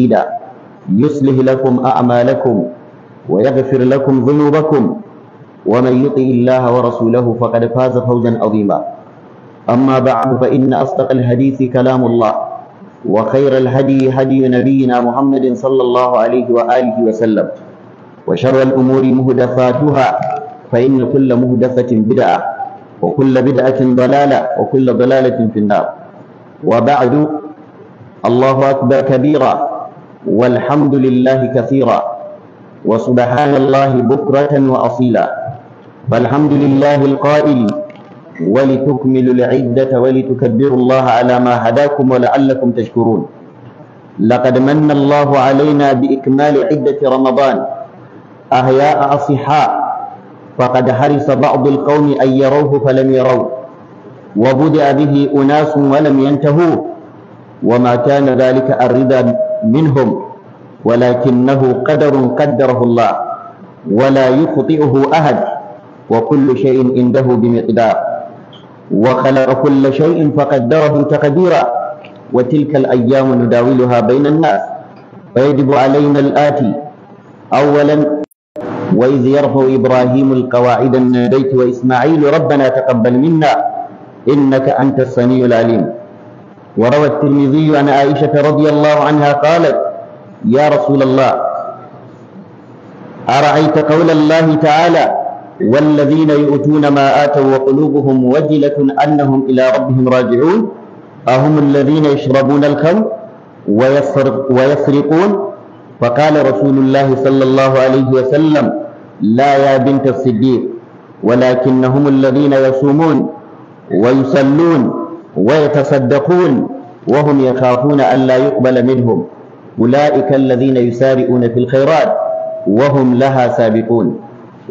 مفيدا يصلح لكم أعمالكم ويغفر لكم ذنوبكم ومن يطع الله ورسوله فقد فاز فوزا عظيما أما بعد فإن أصدق الحديث كلام الله وخير الهدي هدي نبينا محمد صلى الله عليه وآله وسلم وشر الأمور مهدفاتها فإن كل مهدفة بدعة وكل بدعة ضلالة وكل ضلالة في النار وبعد الله أكبر كبيرا والحمد لله كثيرا وسبحان الله بكرة وأصيلا فالحمد لله القائل ولتكملوا العدة ولتكبروا الله على ما هداكم ولعلكم تشكرون لقد من الله علينا بإكمال عدة رمضان أهياء أصحاء فقد حرص بعض القوم أن يروه فلم يروه وبدأ به أناس ولم ينتهوا وما كان ذلك الرضا منهم ولكنه قدر قدره الله ولا يخطئه أحد وكل شيء عنده بمقدار وخلق كل شيء فقدره تقديرا وتلك الأيام نداولها بين الناس فيجب علينا الآتي أولا وإذ يرفع إبراهيم القواعد من البيت وإسماعيل ربنا تقبل منا إنك أنت السميع العليم وروى الترمذي عن عائشة رضي الله عنها قالت يا رسول الله أرأيت قول الله تعالى والذين يؤتون ما آتوا وقلوبهم وجلة أنهم إلى ربهم راجعون أهم الذين يشربون الخمر ويسرق ويسرقون فقال رسول الله صلى الله عليه وسلم لا يا بنت الصديق ولكنهم الذين يصومون ويصلون ويتصدقون وهم يخافون أن لا يقبل منهم أولئك الذين يسارعون في الخيرات وهم لها سابقون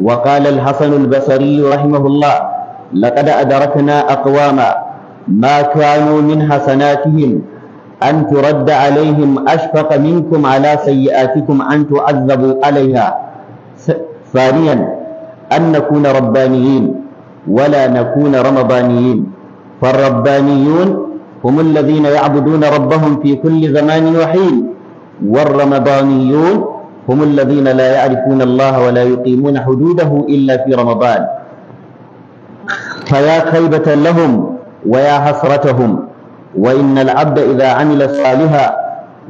وقال الحسن البصري رحمه الله لقد أدركنا أقواما ما كانوا من حسناتهم أن ترد عليهم أشفق منكم على سيئاتكم أن تعذبوا عليها ثانيا أن نكون ربانيين ولا نكون رمضانيين فالربانيون هم الذين يعبدون ربهم في كل زمان وحين والرمضانيون هم الذين لا يعرفون الله ولا يقيمون حدوده إلا في رمضان فيا خيبة لهم ويا حسرتهم وإن العبد إذا عمل صالحا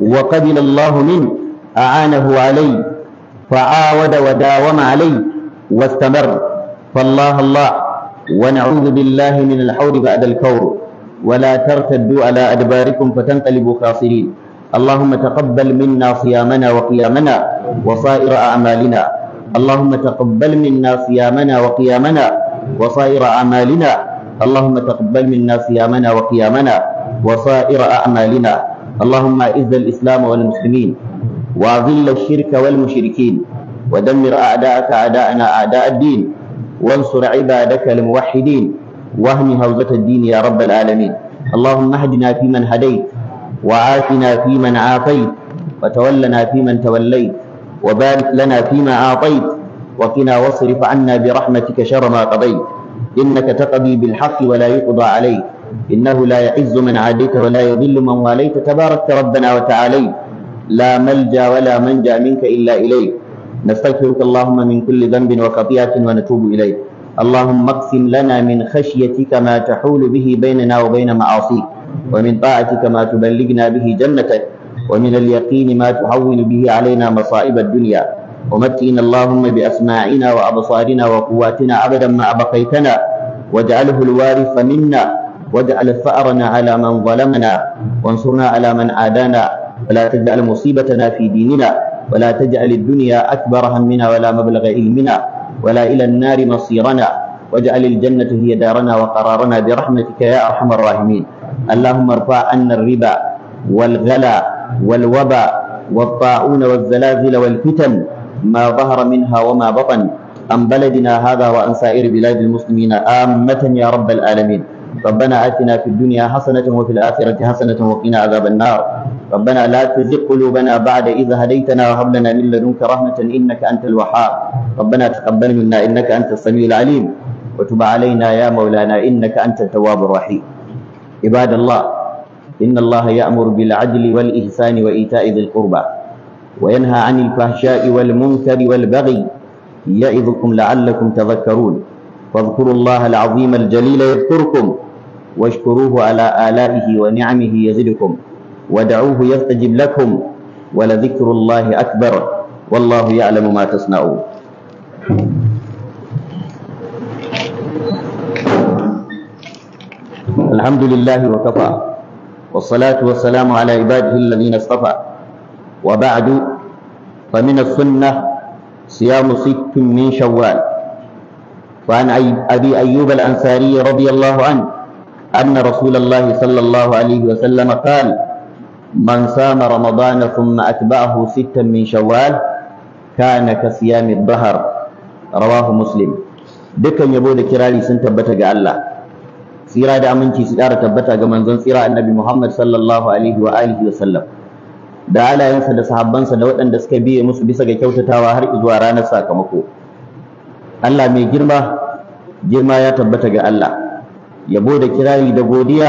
وقبل الله منه أعانه عليه فعاود وداوم عليه واستمر فالله الله ونعوذ بالله من الحور بعد الكور ولا ترتدوا على أدباركم فتنقلبوا خاسرين اللهم تقبل منا صيامنا وقيامنا وصائر أعمالنا اللهم تقبل منا صيامنا وقيامنا وصائر أعمالنا اللهم تقبل منا صيامنا وقيامنا وصائر أعمالنا اللهم أعز الإسلام والمسلمين وأذل الشرك والمشركين ودمر أعداءك أعداءنا أعداء الدين وانصر عبادك الموحدين واهم هوزة الدين يا رب العالمين اللهم اهدنا فيمن هديت وعافنا فيمن عافيت وتولنا فيمن توليت وبارك لنا فيما أعطيت وقنا واصرف عنا برحمتك شر ما قضيت إنك تقضي بالحق ولا يقضى عليك إنه لا يعز من عاديت ولا يذل من واليت تبارك ربنا وتعاليت لا ملجا ولا منجا منك إلا إليك نستغفرك اللهم من كل ذنب وخطيئة ونتوب إليك اللهم اقسم لنا من خشيتك ما تحول به بيننا وبين معاصيك ومن طاعتك ما تبلغنا به جنتك ومن اليقين ما تهون به علينا مصائب الدنيا ومتئنا اللهم بأسماعنا وأبصارنا وقواتنا أبدا ما أبقيتنا واجعله الوارث منا واجعل ثأرنا على من ظلمنا وانصرنا على من عادانا ولا تجعل مصيبتنا في ديننا ولا تجعل الدنيا أكبر همنا ولا مبلغ علمنا ولا إلى النار مصيرنا واجعل الجنة هي دارنا وقرارنا برحمتك يا أرحم الراحمين اللهم ارفع عنا الربا والغلا والوبا والطاعون والزلازل والفتن ما ظهر منها وما بطن عن بلدنا هذا وعن سائر بلاد المسلمين آمة يا رب العالمين ربنا آتنا في الدنيا حسنة وفي الآخرة حسنة وقنا عذاب النار ربنا لا تزغ قلوبنا بعد إذ هديتنا وهب لنا من لدنك رحمة إنك أنت الوهاب ربنا تقبل منا إنك أنت السميع العليم وتب علينا يا مولانا إنك أنت التواب الرحيم عباد الله إن الله يأمر بالعدل والإحسان وإيتاء ذي القربى وينهى عن الفحشاء والمنكر والبغي يعظكم لعلكم تذكرون فاذكروا الله العظيم الجليل يذكركم واشكروه على آلائه ونعمه يزدكم ودعوه يستجب لكم ولذكر الله أكبر والله يعلم ما تصنعون الحمد لله وكفى والصلاة والسلام على عباده الذين اصطفى وبعد فمن السنة صيام ست من شوال وعن أبي أيوب الأنصاري رضي الله عنه أن رسول الله صلى الله عليه وسلم قال من صام رمضان ثم أتبعه ستا من شوال كان كصيام الظهر rawahu muslim dukkan yabo da kirari sun tabbata ga Allah tsira da aminci su ƙara tabbata ga manzon tsira annabi Muhammad sallallahu alaihi wa sallam da alayansa da sahabbansa da waɗanda suka biye musu bisa ga kyautatawa har zuwa ranar sakamako Allah mai girma girma ya tabbata ga Allah yabo da kirari da godiya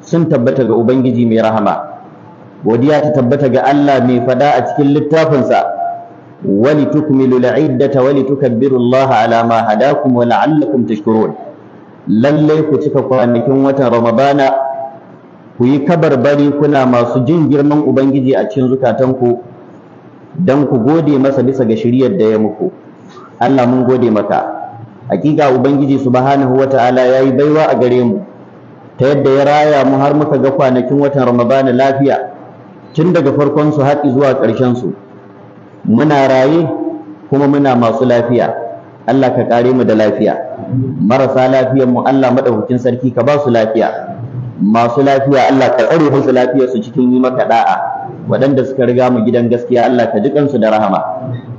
sun tabbata ga ubangiji mai rahama godiya ta tabbata ga Allah mai fada a cikin littafinsa wali tukmilu al'iddata wani tukabbiru Allah ala ma hadakum wa la'allakum tashkurun Lallai ku cika kwanakin watan Ramadana ku yi bari kuna masu jin girman ubangiji a cikin zukatanku don ku gode masa bisa ga shiriyar da ya muku Allah mun gode maka hakika ubangiji subhanahu wata'ala yayi baiwa a gare mu ta yadda ya raya mu har muka ga kwanakin watan ramadana lafiya tun daga farkon su har zuwa ƙarshen su muna raye kuma muna masu lafiya Allah ka kare mu da lafiya marasa lafiyar mu Allah madaukakin sarki ka ba su lafiya masu lafiya Allah ka tsare musu lafiyar su cikin yi maka da'a waɗanda suka riga mu gidan gaskiya Allah ka ji kansu da rahama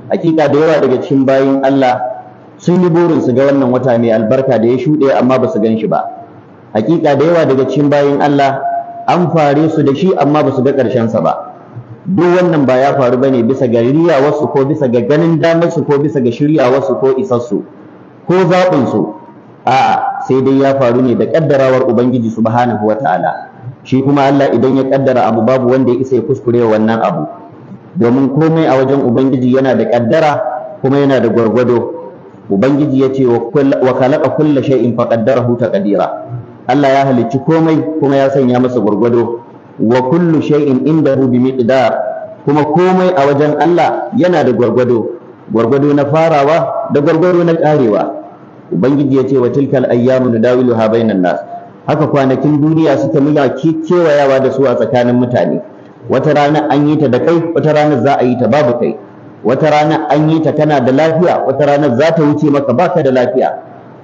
hakika da yawa daga cikin bayin Allah sun yi burin su ga wannan wata mai albarka da ya shuɗe amma ba su gan shi ba hakika da yawa daga cikin bayin Allah an fare su da shi amma ba su ga ƙarshen sa ba duk wannan ba ya faru bane bisa ga wasu, ko bisa ga ganin damar su ko bisa ga wasu ko isassu, ko zaɓin su a'a sai dai ya faru ne da ƙaddarawar ubangiji subhanahu wata'ala shi kuma Allah idan ya ƙaddara abu babu wanda ya isa ya kuskure wannan abu domin komai a wajen ubangiji yana da kaddara kuma yana da gwargwado ubangiji ya ce wa kalaka kulla shay'in fa qaddarahu taqdira Allah ya halicci komai kuma ya sanya masa gwargwado wa kullu shay'in indahu bi miqdar kuma komai a wajen Allah yana da gwargwado gwargwado na farawa da gwargwado na karewa ubangiji ya ce wa tilkal ayyamu ha bainan nas haka kwanakin duniya suka mula kewayawa da su a tsakanin mutane wata rana an yi ta da kai wata rana za a yi ta babu kai wata rana an yi ta kana da lafiya wata rana za ta wuce maka baka da lafiya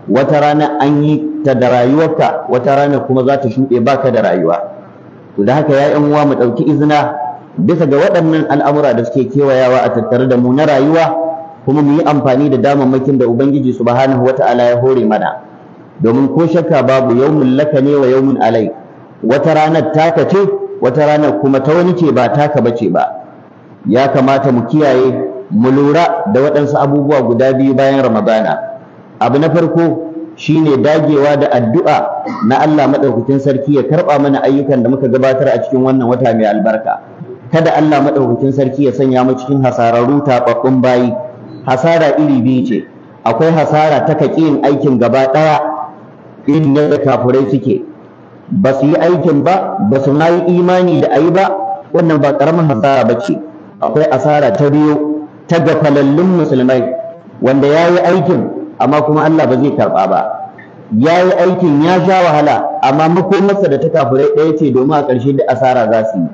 wata rana an yi ta da rayuwarka wata rana kuma za ta shuɗe baka da rayuwa to da haka ya uwa mu ɗauki izina bisa ga waɗannan al'amura da suke kewayawa a tattare da mu na rayuwa kuma mu yi amfani da damammakin da ubangiji subhanahu wata'ala ya hore mana domin ko shakka babu yaumun laka ne wa yaumun alai wata ranar taka ce wata ranar kuma ta wani ce ba taka bace ba ya kamata mu kiyaye mu lura da waɗansu abubuwa guda biyu bayan ramadana abu na farko shine dagewa da addu'a na Allah maɗaukakin sarki ya karɓa mana ayyukan da muka gabatar a cikin wannan wata mai albarka kada Allah maɗaukakin sarki ya sanya mu cikin hasararru taɓaɓɓun bayi hasara iri biyu ce akwai hasara ta kaƙi yin aikin gaba ɗaya irin da kafurai suke ba su yi aikin ba ba su yi imani da ayi ba wannan ba karamin hasara ba ce akwai asara ta biyu ta gafalallun musulmai wanda ya yi aikin amma kuma Allah ba zai karɓa ba ya yi aikin ya sha wahala amma makomarsa da ta kafirai ɗaya ce domin a ƙarshe da asara za su yi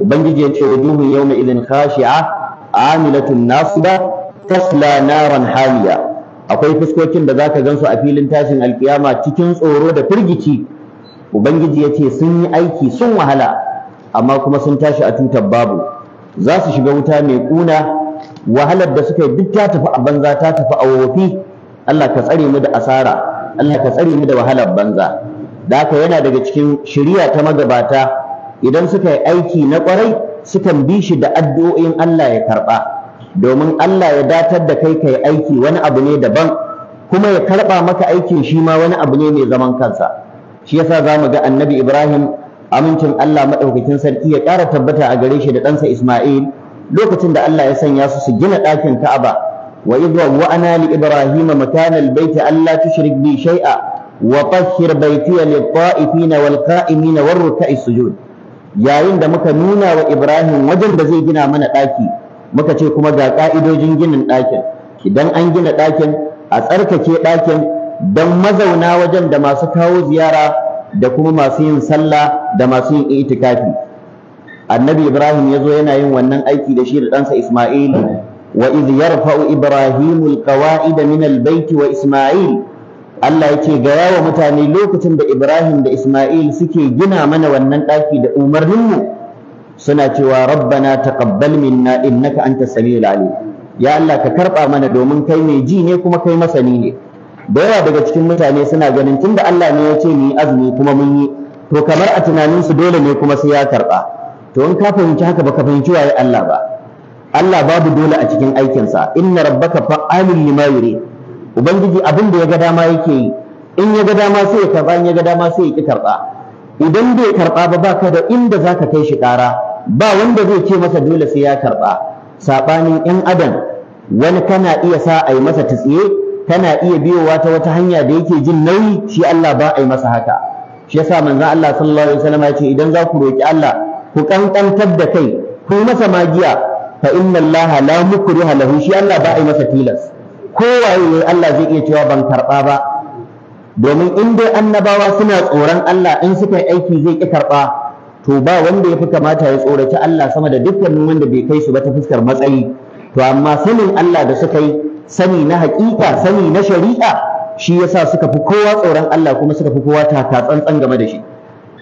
ubangiji ya ce yau yawma izin khashi'a amilatun ba. tasla naran haliya akwai fuskokin da za zaka gansu a filin tashin alkiyama cikin tsoro da firgici ubangiji ya ce sun yi aiki sun wahala amma kuma sun tashi a tutar babu za su shiga wuta mai ƙuna. wahalar da suka yi duk ta tafi a banza ta tafi a wofi Allah ka tsare mu da asara Allah ka tsare mu da wahalar banza da haka yana daga cikin shiriya ta magabata idan suka yi aiki na kwarai sukan bi shi da addu'o'in Allah ya karɓa. domin Allah ya datar da kai kai aiki wani abu ne daban kuma ya karɓa maka aikin shi ma wani abu ne mai zaman kansa shi yasa za mu ga annabi ibrahim amincin allah maɗaukacin sarki ya ƙara tabbata a gare shi da ɗansa isma'il lokacin da allah ya sanya su su gina ɗakin ka'aba wa idwa wa ana li ibrahim makana albayti alla tushrik bi shay'a wa tahhir baytiya lit ta'ifina wal qa'imina war ruk'i sujud yayin da muka nuna wa ibrahim wajen da zai gina mana ɗaki muka ce kuma ga ƙa'idojin ginin ɗakin idan an gina ɗakin a tsarkake ɗakin don mazauna wajen da masu kawo ziyara da kuma masu yin sallah da masu yin itikafi annabi ibrahim ya zo yana yin wannan aiki da shi da ɗansa isma'il wa iz yarfa'u ibrahimu alqawa'ida min albayt wa isma'il Allah yake gaya wa mutane lokacin da ibrahim da isma'il suke gina mana wannan ɗaki da umarninmu suna cewa rabbana taqabbal minna innaka antas samiul alim ya Allah ka karɓa mana domin kai mai ji ne kuma kai masani ne da yawa daga cikin mutane suna ganin tunda Allah ne ya ce mu yi azumi kuma mun yi to kamar a tunaninsu dole ne kuma sai ya karɓa to in ka fahimci haka baka fahimci waye Allah ba Allah babu dole a cikin aikinsa inna rabbaka fa'alun lima yuri ubangiji abin da ya ga dama yake yi in ya ga dama sai ya karba in ya ga dama sai ya ki karɓa idan bai karɓa ba baka da inda zaka kai shi kara ba wanda zai ce masa dole sai ya karɓa saɓanin 'yan adam wani kana iya sa a yi masa tsiye tana iya biyowa ta wata hanya da yake jin nauyi shi Allah ba a yi masa haka shi yasa manzon Allah sallallahu alaihi wasallam ya ce idan za ku roki Allah ku kankantar da kai ku masa magiya fa inna Allah la mukriha lahu shi Allah ba a yi masa tilas kowaye ne Allah zai iya cewa ban karba ba domin in dai annabawa suna tsoron Allah in suka yi aiki zai ki karba to ba wanda ya fi kamata ya tsoraci Allah sama da dukkanin wanda bai kai su ba ta fuskar matsayi to amma sanin Allah da suka yi sani na haƙiƙa sani na shari'a shi yasa suka fi kowa tsoron Allah kuma suka fi kowa taka tsantsan game da shi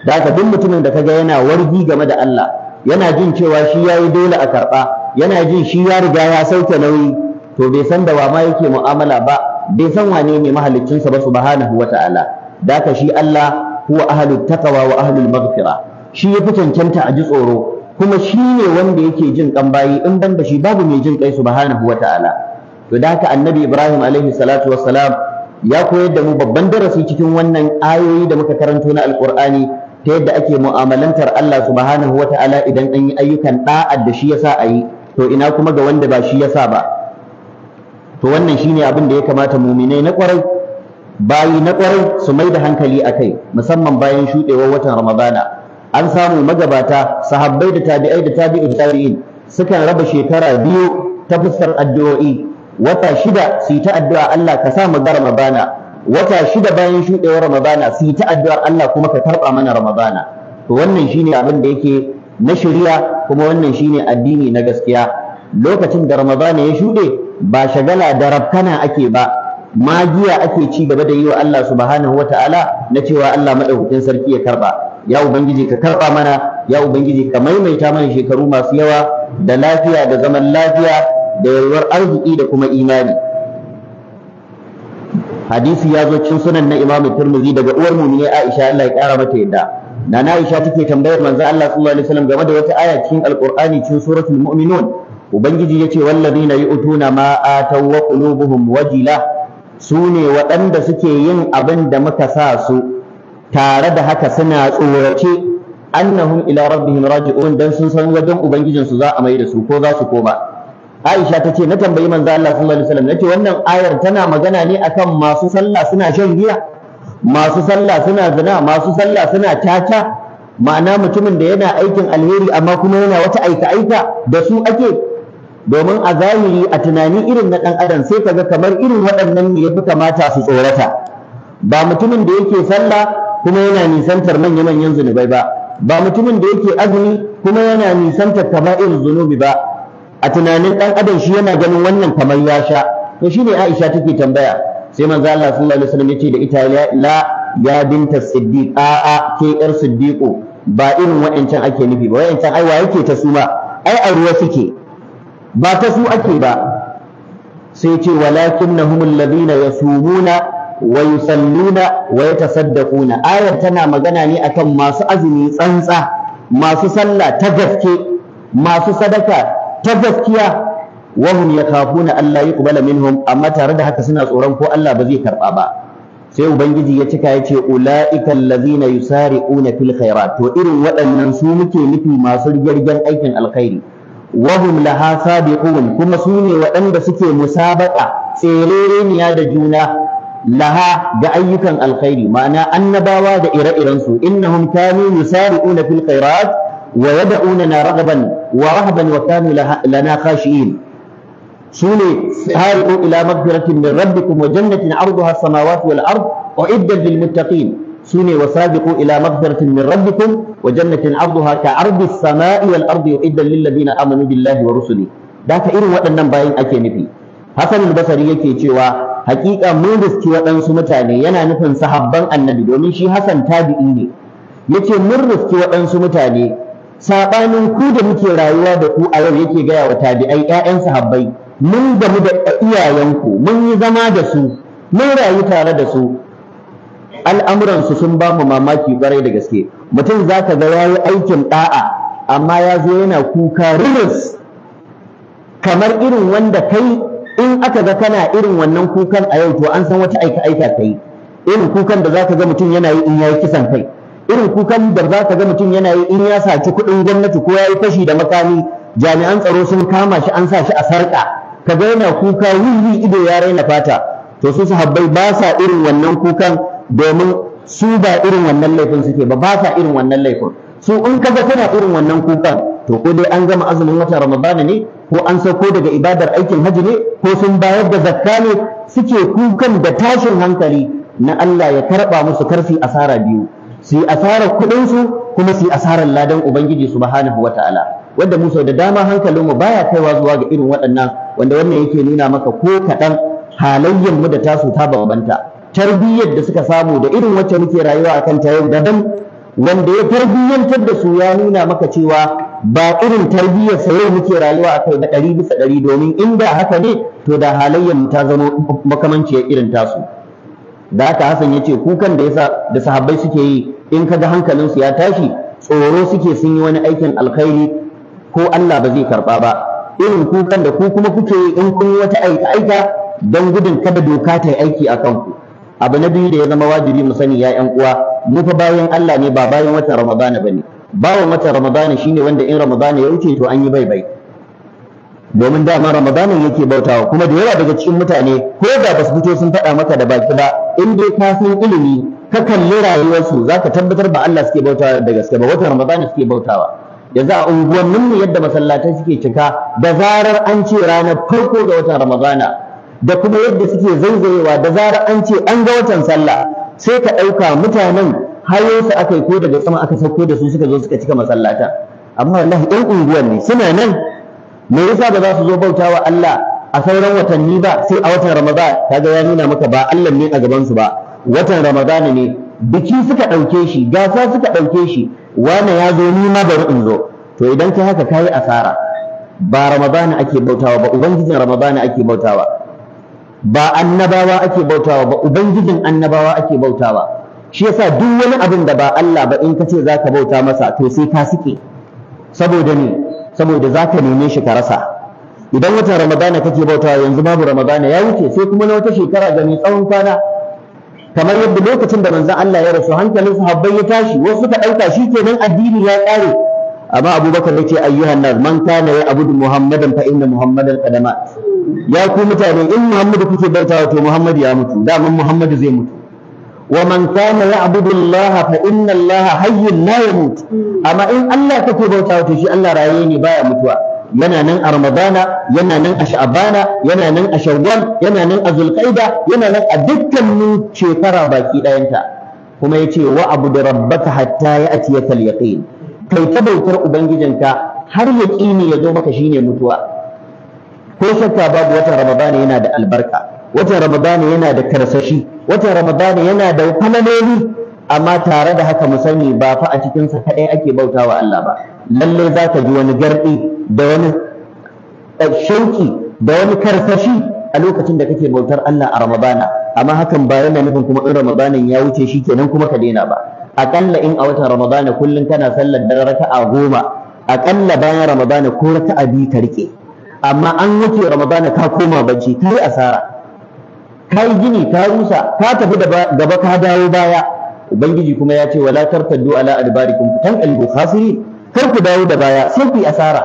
da haka duk mutumin da kaga yana wargi game da Allah yana jin cewa shi yayi dole a karɓa yana jin shi ya riga ya sauke nauyi to bai san da wa ma yake mu'amala ba bai san wane ne sa ba subhanahu wata'ala da haka shi Allah huwa ahlut taqwa wa ahlul maghfira shi ya fi cancanta a ji tsoro kuma shi ne wanda yake jin kan bayi in ban da shi babu mai jin kai subhanahu wata'ala to da haka annabi ibrahim alaihi salatu wassalam ya koyar da mu babban darasi cikin wannan ayoyi da muka karanto na alqur'ani ta yadda ake mu'amalantar Allah subhanahu wata'ala idan an yi ayyukan da'ad da shi yasa a yi to ina kuma ga wanda ba shi yasa ba to wannan shine abin da ya kamata mumine na kwarai bayi na kwarai su mai da hankali a kai musamman bayan shuɗewar watan ramadana an samu magabata sahabbai da tabi'ai da tabi'in tabi'in sukan raba shekara biyu ta fuskar addu'o'i wata shida su ta addu'a Allah ka sa ga Ramadana wata shida bayan shuɗewar Ramadana su ta addu'ar Allah kuma ka karɓa mana Ramadana to wannan shine abin da yake na shari'a kuma wannan shine addini na gaskiya lokacin da Ramadana ya shuɗe ba shagala da rabkana ake ba magiya ake ci gaba da yi wa Allah subhanahu ta'ala na cewa Allah madaukakin sarki ya karɓa. ya ubangiji ka karɓa mana ya ubangiji ka maimaita mana shekaru masu yawa da lafiya da zaman lafiya da yalwar arziki da kuma imani hadisi ya zo cikin sunan na imamu turmuzi daga uwar mumine aisha Allah ya kara mata yadda nana aisha take tambayar manzo Allah sallallahu alaihi wasallam game da wata aya cikin alqur'ani cikin suratul mu'minun ubangiji yace wallazina yu'tuna ma ataw wa qulubuhum wajila sune waɗanda suke yin abin da muka sa su tare da haka suna tsorace annahum ila rabbihim raji'un dan sun san wajen ubangijinsu za a mai da su ko za su koma Aisha ta ce na tambayi manzo Allah sallallahu alaihi wasallam nace wannan ayar tana magana ne akan masu sallah suna shan giya masu sallah suna zina masu sallah suna tata ma'ana mutumin da yana aikin alheri amma kuma yana wata aika aika da su ake domin a zahiri a tunani irin na dan adam sai kaga kamar irin waɗannan ne yafi kamata su tsorata ba mutumin da yake sallah kuma yana nisantar manya manyan zunubai ba ba mutumin da yake azumi kuma yana nisantar kaba'ir zunubi ba a tunanin ɗan adam shi yana ganin wannan kamar ya sha to ne Aisha take tambaya sai manzo Allah sallallahu alaihi wasallam yace da ita la ya binta siddiq a a ke yar siddiqo ba irin wa'ancan ake nufi ba wa'ancan ai wa yake ta su ma ai a ruwa suke ba ta su ake ba sai ce walakinnahum alladhina yasumuna wa yusalluna wa yatasaddaquna ayar tana magana ne akan masu azumi tsantsa masu sallah ta gaske masu sadaka ta gaskiya wahum na Allah yuqbala minhum amma tare da haka suna tsoron ko Allah ba zai karba ba sai ubangiji ya cika yace ulaika allazina yusari'una fil khairat to irin waɗannan su muke nufi masu rigirgen aikin alkhairi wahum laha sabiqun kuma su ne waɗanda suke musabaka tsereniya da juna laha da ayyukan alkhairi ma'ana annabawa da ire-irensu innahum kanu yusari'una fil khairat ويدعوننا رغبا ورهبا وكانوا لنا خاشئين su ne sa'iru ila magfiratin min rabbikum wa jannatin arduha samawati wal ard uiddat lil muttaqin su ne wasabiqu ila magfiratin min rabbikum wa jannatin arduha ka ardi samai wal ard uiddat lil ladina amanu billahi wa rusuli da ka irin waɗannan bayan ake nufi hasan al yake cewa haƙiƙa mun gaske waɗansu mutane yana nufin sahabban annabi domin shi hasan tabi'i ne yace mun gaske waɗansu mutane sabanin ku da muke rayuwa da ku a yau yake gaya wa tabi'ai ƴaƴan sahabbai mun mu da iyayenku mun yi zama da su mun rayu tare da su al'amuransu sun ba mu mamaki kwarai da gaske mutum za ka ga ya yi aikin ɗa'a amma ya zo yana kuka rinus kamar irin wanda kai in aka ga kana irin wannan kukan a yau to an san wata aika aika kai irin kukan da za ka ga mutum yana yi in ya yi kisan kai irin kukan da za ka ga mutum yana yi in ya saci kuɗin gwamnati ko ya yi fashi da makami jami'an tsaro sun kama shi an sa shi a sarƙa ka ga yana kuka wuyi ido ya raina fata to su sahabbai ba sa irin wannan kukan domin su ba irin wannan laifin suke ba ba sa irin wannan laifin su in ka ga tana irin wannan kukan to ko dai an gama azumin wata ramadana ne ko an sauko daga ibadar aikin haji ne ko sun bayar da zakka ne suke kukan da tashin hankali na Allah ya karɓa musu karfi asara biyu su yi asarar kuɗinsu kuma su yi asarar ladan ubangiji wa ta'ala. wanda Musa da dama hankalinmu baya kaiwa zuwa ga irin waɗannan wanda wannan yake nuna maka ko kaɗan halayyar mu da tasu ta bambanta tarbiyyar da suka samu da irin wacce muke rayuwa akan ta yau daban wanda ya tarbiyyantar da su ya nuna maka cewa ba irin tarbiyyar sa yau muke rayuwa akai na ɗari bisa ɗari domin inda haka ne to da halayyar mu ta zama makamanciyar irin tasu da aka Hassan ya ce kukan da yasa da sahabbai suke yi in kaga su ya tashi tsoro suke sun yi wani aikin alkhairi ko Allah ba zai karba ba irin kukan da ku kuma kuke yi in kun wata aika aika don gudun kada doka ta aiki a kanku abu na biyu da ya zama wajibi mu sani ya yan uwa mu fa bayan Allah ne ba bayan watan Ramadana bane bawan watan Ramadana shine wanda in Ramadana ya wuce to an yi bai bai domin dama ramadanin yake bautawa kuma da yawa daga cikin mutane ko da ba su fito sun faɗa maka da baki ba in dai ka san ilimi ka kalli rayuwarsu za ka tabbatar ba Allah suke bautawa da gaske ba wata ramadanin suke bautawa yanzu a unguwannin mu yadda masallatai suke cika da zarar an ce ranar farko ga watan ramadana da kuma yadda suke zaizayewa da zarar an ce an ga watan sallah sai ka ɗauka mutanen hayo su aka yi ko daga sama aka sauko da su suka zo suka cika masallata amma wallahi ɗan unguwan ne suna nan me yasa ba za su zo bauta wa Allah a sauran watanni ba sai a watan Ramadan kaga ya nuna maka ba Allah ne a gaban su ba watan Ramadan ne biki suka ɗauke shi gasa suka ɗauke shi wani ya zo ni ma bari in zo to idan ka haka kayi asara ba Ramadan ake bautawa ba ubangijin Ramadan ake bautawa ba annabawa ake bautawa ba ubangijin annabawa ake bautawa shi yasa duk wani abin da ba Allah ba in ka ce zaka bauta masa to sai ka sike saboda ne saboda za ka neme shi ka rasa idan watan ramadana kake bautawa yanzu babu ramadana ya wuce sai kuma na wata shekara ga mai tsawon kwana kamar yadda lokacin da manzon Allah ya rasu hankalin sahabbai ya tashi wasu suka ɗauka shi nan addini ya ƙare amma abubakar yace ayyuhan nas man kana ya abudu muhammadan fa inna muhammadan qadama ya ku mutane in muhammadu kuke bautawa to Muhammadu ya mutu da mun muhammadu zai mutu wa man kana ya'budu Allah fa inna Allah amma in Allah kake bautawa to shi Allah raye ne baya mutuwa yana nan a Ramadana yana nan a Sha'bana yana nan a Shawwal yana nan a Zulqaida yana nan a dukkanin shekara baki dayanta kuma ya ce wa abudu rabbaka hatta ya ya'tiyaka al-yaqin kai ta bautar ubangijinka har yaqini ya zo maka shine mutuwa ko shakka babu watan Ramadana yana da albarka watan ramadani yana da karsashi watan ramadani yana da falaloli amma tare da haka mu sani ba fa a cikin sa kadai ake bautawa Allah ba lalle za ka ji wani gardi da wani eh, shauki da wani karsashi a lokacin da kake bautar Allah a ramadana amma hakan ba yana nufin kuma in ramadanin ya wuce shi kenan kuma ka daina ba akalla in a watan ramadana kullum kana sallar da raka'a goma akalla bayan ramadana ko raka'a biyu ka rike amma an wuce ramadana ka koma bacci kai asara ka yi gini ka rusa ka tafi gaba ka dawo baya ubangiji kuma ya ce wala tartaddu ala adbarikum tan albu khasirin kar ku dawo da baya sai ku asara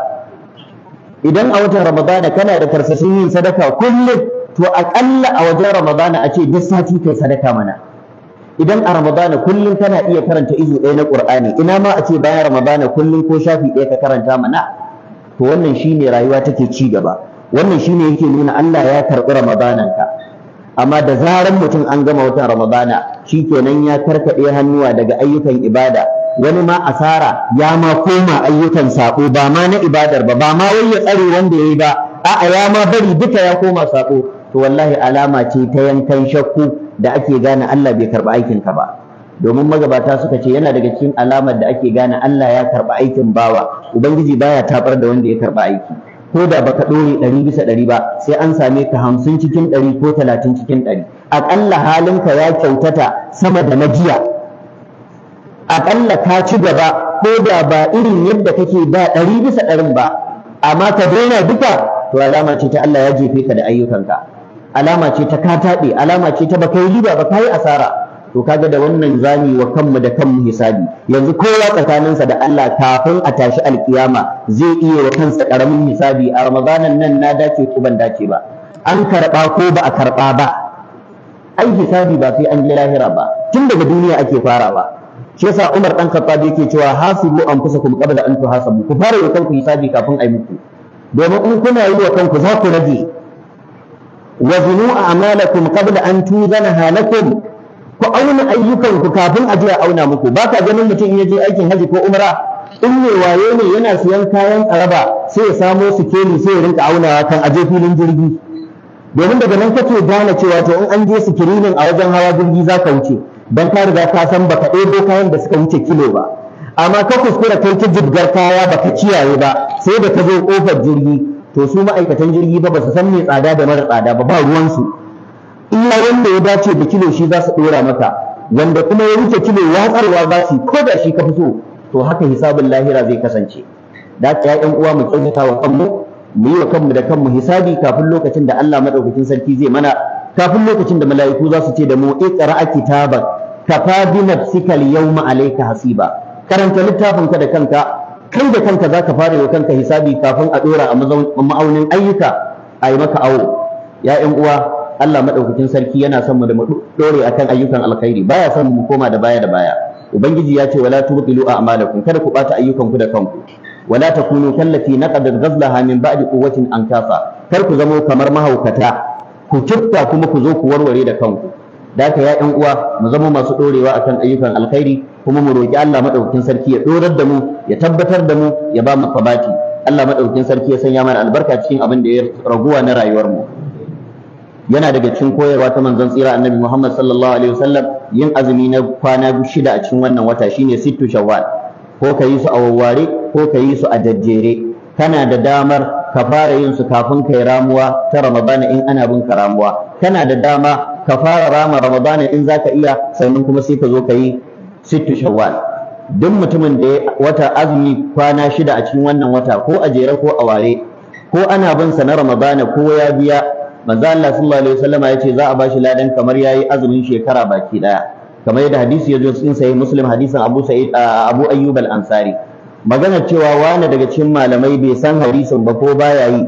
idan a watan ramadana kana da karsashin yin sadaka kullum to aƙalla a wajen ramadana a ce duk sati kai sadaka mana idan a ramadana kullum kana iya karanta izu ɗaya na ƙur'ani ina ma a ce bayan ramadana kullum ko shafi ɗaya ka karanta mana to wannan shine rayuwa take ci gaba wannan shine yake nuna Allah ya karɓi ramadanan ka amma da zaran mutum an gama watan ramadana shi kenan ya karkaɗe hannuwa daga ayyukan ibada wani ma asara ya ma koma ayyukan saƙo ba ma na ibadar ba ba ma wai ya tsare wanda ya yi ba a'a ya ma bari duka ya koma saƙo to wallahi alama ce ta yankan shakku da ake gane Allah bai karɓi aikinka ba domin magabata suka ce yana daga cikin alamar da ake gane Allah ya karɓi aikin bawa ubangiji baya tabar da wanda ya karɓi aiki ko da baka ɗore ɗari bisa ɗari ba sai an same ka hamsin cikin ɗari ko talatin cikin ɗari aƙalla halinka ya kyautata sama da na jiya aƙalla ka ci gaba ko da ba irin yadda kake da ɗari bisa ɗarin ba amma ka daina duka to alama ce ta Allah ya jefe ka da ayyukanka alama ce ta kataɓe alama ce ta baka yi riba ba ka yi asara to kaga da wannan zami wa kanmu da kanmu hisabi yanzu kowa tsakaninsa da Allah kafin a tashi alkiyama zai iya wa kansa karamin hisabi a ramadanan nan na dace ko ban dace ba an karba ko ba a karba ba ai hisabi ba sai an je lahira ba tun daga duniya ake farawa shi yasa Umar dan Khattab yake cewa hasibu anfusakum qabla an tuhasabu ku fara wa kanku hisabi kafin ai muku domin in kuna yi wa kanku za ku rage wa zunu a'malakum qabla an tuzana halakum ku auna ayyukanku kafin a je a auna muku ba ka ganin mutum in ya je aikin haji ko umra in ne waye ne yana siyan kayan araba sai ya samo sikeli sai ya rinka aunawa kan aje filin jirgi domin daga nan kake gane cewa to in an je sikirinin a wajen hawa jirgi za ka wuce dan ka riga ka san baka ɗebo kayan da suka wuce kilo ba amma ka kuskura kai ta jibgar kaya baka kiyaye ba sai da ka zo kofar jirgi to su ma'aikatan jirgi ba ba su san mai tsada da mara tsada ba ba ruwansu iya wanda ya dace da kilo shi za su ɗora maka wanda kuma ya wuce kilo watsarwa za su ko da shi ka fi so to haka hisabin lahira zai kasance da haka ya'yan uwa mu kyautata wa kanmu mu yi wa kanmu da kanmu hisabi kafin lokacin da Allah madaukakin sarki zai mana kafin lokacin da mala'iku za su ce da mu iqra kitabak kafa bi nafsika yau yawma alayka hasiba karanta littafin ka da kanka kai da kanka zaka fara wa kanka hisabi kafin a dora a ma'aunin ayyuka a yi maka awo ya'yan uwa Allah madaukakin sarki yana son mu da mu dore akan ayyukan alkhairi baya son mu koma da baya da baya ubangiji ya ce wala a a'malakum kada ku bata ayyukan ku da kanku wala takunu kallati naqadat ghazlaha min ba'di quwwatin ankafa kar ku zamo kamar mahaukata ku kifta kuma ku zo ku warware da kanku da ya ƴan uwa mu zama masu ɗorewa akan ayyukan alkhairi kuma mu roki Allah madaukakin sarki ya dorar da mu ya tabbatar da mu ya ba mu fabati Allah madaukakin sarki ya sanya mana albarka cikin abin da ya raguwa na rayuwar mu yana daga cikin koyarwa ta manzon tsira annabi Muhammad sallallahu alaihi wasallam yin azumi na kwana shida a cikin wannan wata shine sittu shawwal ko ka yi su a wawware ko ka yi su a jajjere. kana da damar ka fara yin su kafin kai ramuwa ta ramadana in ana bin ka ramuwa kana da dama ka fara rama ramadana in zaka iya sannan kuma sai ka zo ka yi sittu shawwal duk mutumin da ya wata azumi kwana shida a cikin wannan wata ko a jere ko a ware ko ana bin sa na ramadana ko ya biya manzo Allah sallallahu alaihi wasallam ya ce za a bashi ladan kamar yayi azumin shekara baki daya kamar yadda hadisi ya zo cikin sahih muslim hadisin Abu Sa'id Abu Ayyub al-Ansari maganar cewa wani daga cikin malamai bai san hadisin ba ko baya yi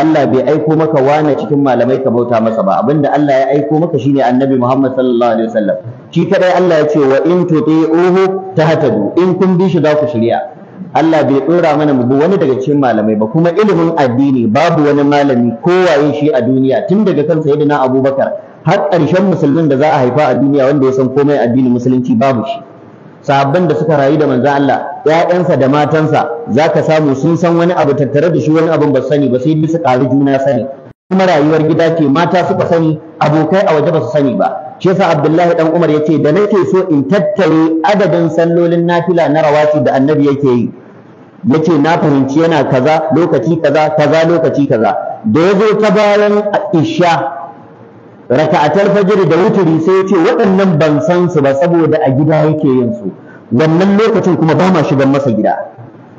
Allah bai aiko maka wani cikin malamai ka bauta masa ba abinda Allah ya aiko maka shine Annabi Muhammad sallallahu alaihi wasallam shi kadai Allah ya ce wa in tuti'uhu tahtadu in kun bi shi za ku shirya Allah bai ɗora mana mu wani daga cikin malamai ba kuma ilimin addini babu wani malami kowaye shi a duniya tun daga kan sayyidina Abubakar har ƙarshen musulmin da za a haifa a duniya wanda ya san komai addini musulunci babu shi sahabban da suka rayu da manzo Allah ƴaƴansa da matansa zaka samu sun san wani abu tattare da shi wani abun ba sani ba sai dai su ƙaru juna sani kuma rayuwar gida ce mata suka sani abokai a waje ba su sani ba shi Abdullahi dan Umar ya ce da nake so in tattare adadin sallolin nafila na rawati da annabi yake yi yace na fahimci yana kaza lokaci kaza kaza lokaci kaza da yazo ta bayan isha raka'atar fajr da wuturi sai yace waɗannan ban san su ba saboda a gida yake yin su wannan lokacin kuma ba ma shigan masa gida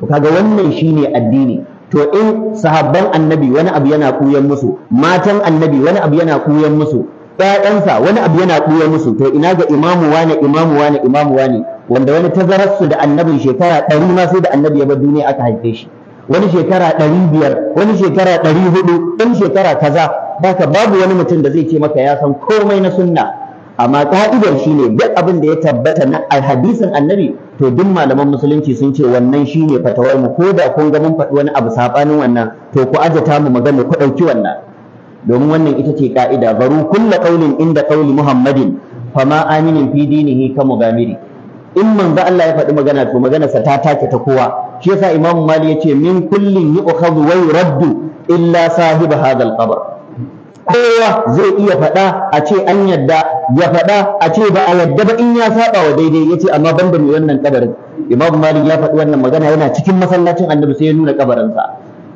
kaga wannan shine addini to in sahabban annabi wani abu yana kuyan musu matan annabi wani abu yana kuyan musu ƴaƴansa wani abu yana ɓuya musu to ina ga imamu wane imamu wane imamu wane wanda wani su da annabin shekara ɗari ma sai da annabi ya bar duniya aka haife shi wani shekara ɗari biyar wani shekara ɗari hudu wani shekara kaza baka babu wani mutum da zai ce maka ya san komai na sunna amma ka'idar shi ne duk abin da ya tabbata na alhadisin annabi to duk malaman musulunci sun ce wannan shine ne fatawar mu ko da kun ga mun faɗi wani abu saɓanin wannan to ku ajata mu magana ku ɗauki wannan domin wannan ita ce ka'ida baru kulla kaulin inda kauli muhammadin fama aminin fi dinihi ka mugamiri in ba Allah ya faɗi magana to maganarsa ta take ta kowa shi yasa imam mali yace min kullin yu'khadhu wa yuraddu illa sahib hadha al-qabr kowa zai iya faɗa a ce an yadda ya faɗa a ce ba a yadda ba in ya saba wa daidai yace amma banda mu wannan kabarin imam mali ya faɗi wannan magana yana cikin masallacin annabi sai ya nuna kabarinsa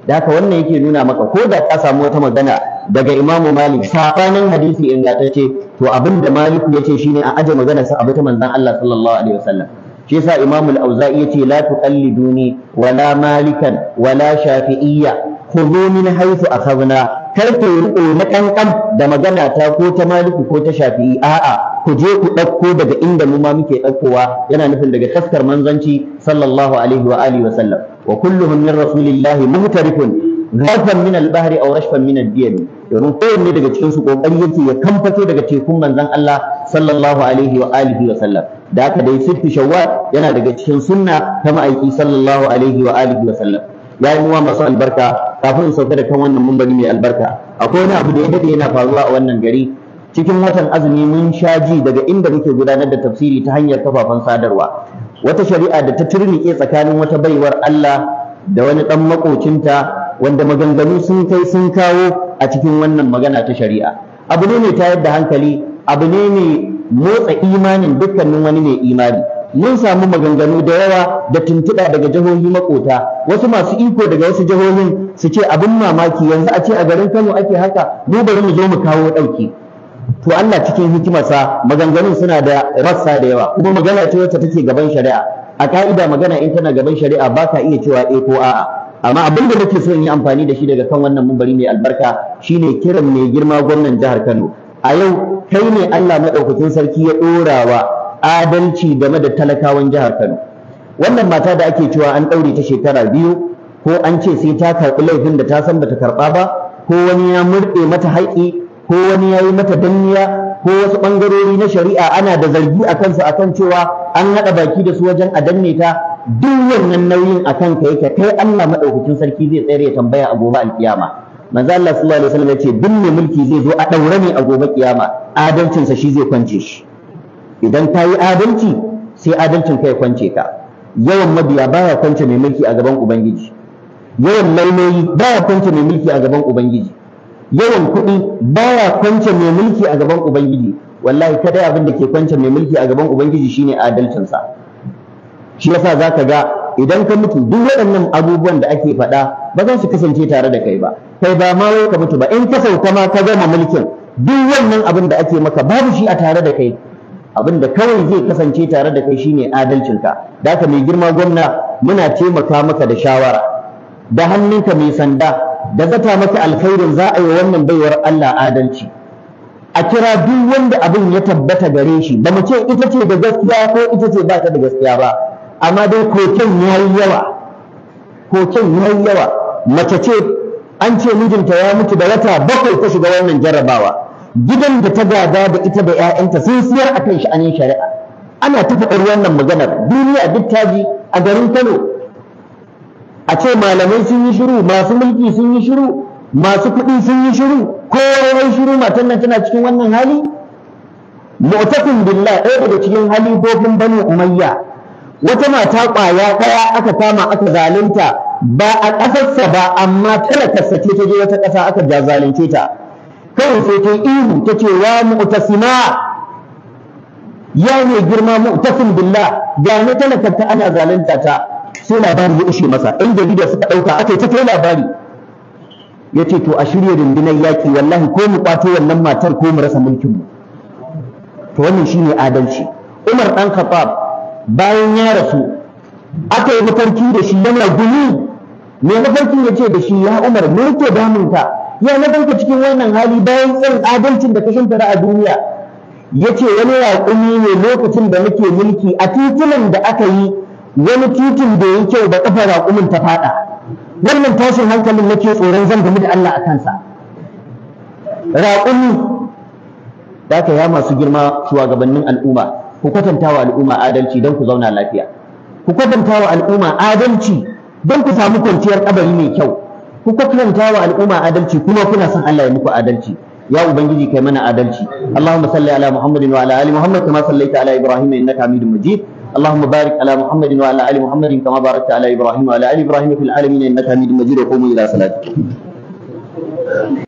da haka wannan yake nuna maka ko da ka samu wata magana daga imamu malik sabanin hadisi ingantacce to abin da malik ya ce shine a aje maganar sa abu ta manzon Allah sallallahu alaihi wasallam shi yasa imamu al-auza'i yace la tuqalliduni wala malikan wala shafi'iyya khudhu min haythu akhadna kar ku riƙo na kankan da magana ta ko ta maliku ko ta shafi'i a'a ku je ku ɗauko daga inda mu ma muke ɗaukowa yana nufin daga taskar manzanci sallallahu alaihi wa alihi wa sallam wa kulluhum min rasulillahi muhtarifun gafan min al-bahri aw rashfan min domin kowanne daga cikin su kokari yake ya kamfato daga tekun manzon Allah sallallahu alaihi wa alihi wa sallam da haka dai sittu shawwal yana daga cikin sunna ta ma'aiki sallallahu alaihi wa alihi wa sallam ya yi muwa masu albarka kafin sauka da kan wannan mumbari mai albarka akwai wani abu da ya dade yana faruwa a wannan gari cikin watan azumi mun sha ji daga inda muke gudanar da tafsiri ta hanyar kafafen sadarwa wata shari'a da ta turnike tsakanin wata baiwar Allah da wani dan makocinta wanda maganganu sun kai sun kawo a cikin wannan magana ta shari'a abu ne mai tayar da hankali abu ne mai motsa imanin dukkanin wani mai imani mun samu maganganu da yawa da tuntuɗa daga jihohi makota wasu masu iko daga wasu jihohin su ce abin mamaki yanzu a ce a garin kano ake haka mu bari mu zo mu kawo ɗauki to Allah cikin hikimarsa maganganun suna da rassa da yawa kuma magana ce wacce take gaban shari'a a ka'ida magana in tana gaban shari'a ba ka iya cewa eh ko a'a amma abin da nake so in yi amfani da shi daga kan wannan mumbari mai albarka shine kiran mai girma gwamnan jihar Kano a yau kai ne Allah madaukakin sarki ya dorawa adalci game da talakawan jihar Kano wannan mata da ake cewa an daure ta shekara biyu ko an ce sai ta karbi laifin da ta san bata karɓa ba ko wani ya murde mata haƙƙi ko wani ya yi mata danniya ko wasu ɓangarori na shari'a ana da zargi a kansu akan cewa an haɗa baki da su wajen a danne ta duk wannan nauyin a kanka yake kai Allah madaukakin sarki zai tsere ya tambaya a gobe alkiyama manzo Allah sallallahu alaihi wasallam yace duk mai mulki zai zo a daure ne a gobe kiyama adalcin sa shi zai kwance shi idan ka yi adalci sai adalcin ka ya kwance ka yawan mabiya baya kwance mai mulki a gaban ubangiji yawan launoyi baya kwance mai mulki a gaban ubangiji yawan kuɗi baya kwance mai mulki a gaban ubangiji wallahi kada abin da ke kwance mai mulki a gaban ubangiji shine adalcinsa shi yasa za ka ga idan ka mutu duk waɗannan abubuwan da ake faɗa ba za su kasance tare da kai ba kai ba ma wai ka mutu ba in ka sauka ma ka gama mulkin duk wannan abin da ake maka babu shi a tare da kai abin da kawai zai kasance tare da kai shine adalcinka da ka mai girma gwamna muna taimaka maka da shawara da hannunka mai sanda da zata maka alkhairin za a yi wannan baiwar Allah adalci a kira duk wanda abin ya tabbata gare shi ba mu ce ita ce da gaskiya ko ita ce ba ta da gaskiya ba amma dai kokin ya yi yawa koken ya yi yawa mace ce an ce mijinta ya mutu da wata bakwai ta shiga wannan jarrabawa gidan da ta gada da ita da 'ya'yanta sun siyar a kan sha'anin shari'a ana ta faɗar wannan maganar duniya duk ta ji a garin kano a ce malamai sun yi shiru masu mulki sun yi shiru masu kuɗi sun yi shiru kowa shiru matan nan tana cikin wannan hali Mutafin billah ɗaya daga cikin hali halifofin bani umayya wata mata ƙwaya ɗaya aka kama aka zalunta ba a ƙasarsa ba amma talakarsa ce ta je wata ƙasa aka ja zalunce ta kawai sai ta ihu ta ce ya mu'tasima ya ne girma mu'tasim billah ga ne talakarta ana zalunta ta sai labari ya ishe masa ɗan jarida suka ɗauka aka yi ta kai labari ya ce to a shirya rundunar yaƙi wallahi ko mu ƙwato wannan matar ko mu rasa mulkinmu to wannan shine adalci umar ɗan khattab bayan ya rasu aka yi mafarki da shi yana gumi me mafarki ya ce da shi ya umar me yake damunka ya mafarka cikin wannan hali bayan irin adalcin da ka shimfira a duniya ya ce wani raƙumi ne lokacin da muke mulki a titunan da aka yi wani titin da ya kyau da ƙafar raƙumin ta faɗa wannan tashin hankalin nake tsoron zan gami da Allah a kansa raƙumi da ya masu girma shugabannin al'umma ku kwatanta wa al'umma adalci don ku zauna lafiya ku kwatanta wa al'umma adalci don ku samu kwanciyar kabari mai kyau ku kwatanta wa al'umma adalci kuma kuna son Allah ya muku adalci ya ubangiji kai mana adalci Allahumma salli ala Muhammadin wa ala ali Muhammad kama sallaita ala Ibrahim innaka Hamidum Majid اللهم بارك على محمد وعلى ال محمد كما باركت على ابراهيم وعلى ال ابراهيم في العالمين انك حميد مجيد وقوموا الى صلاتكم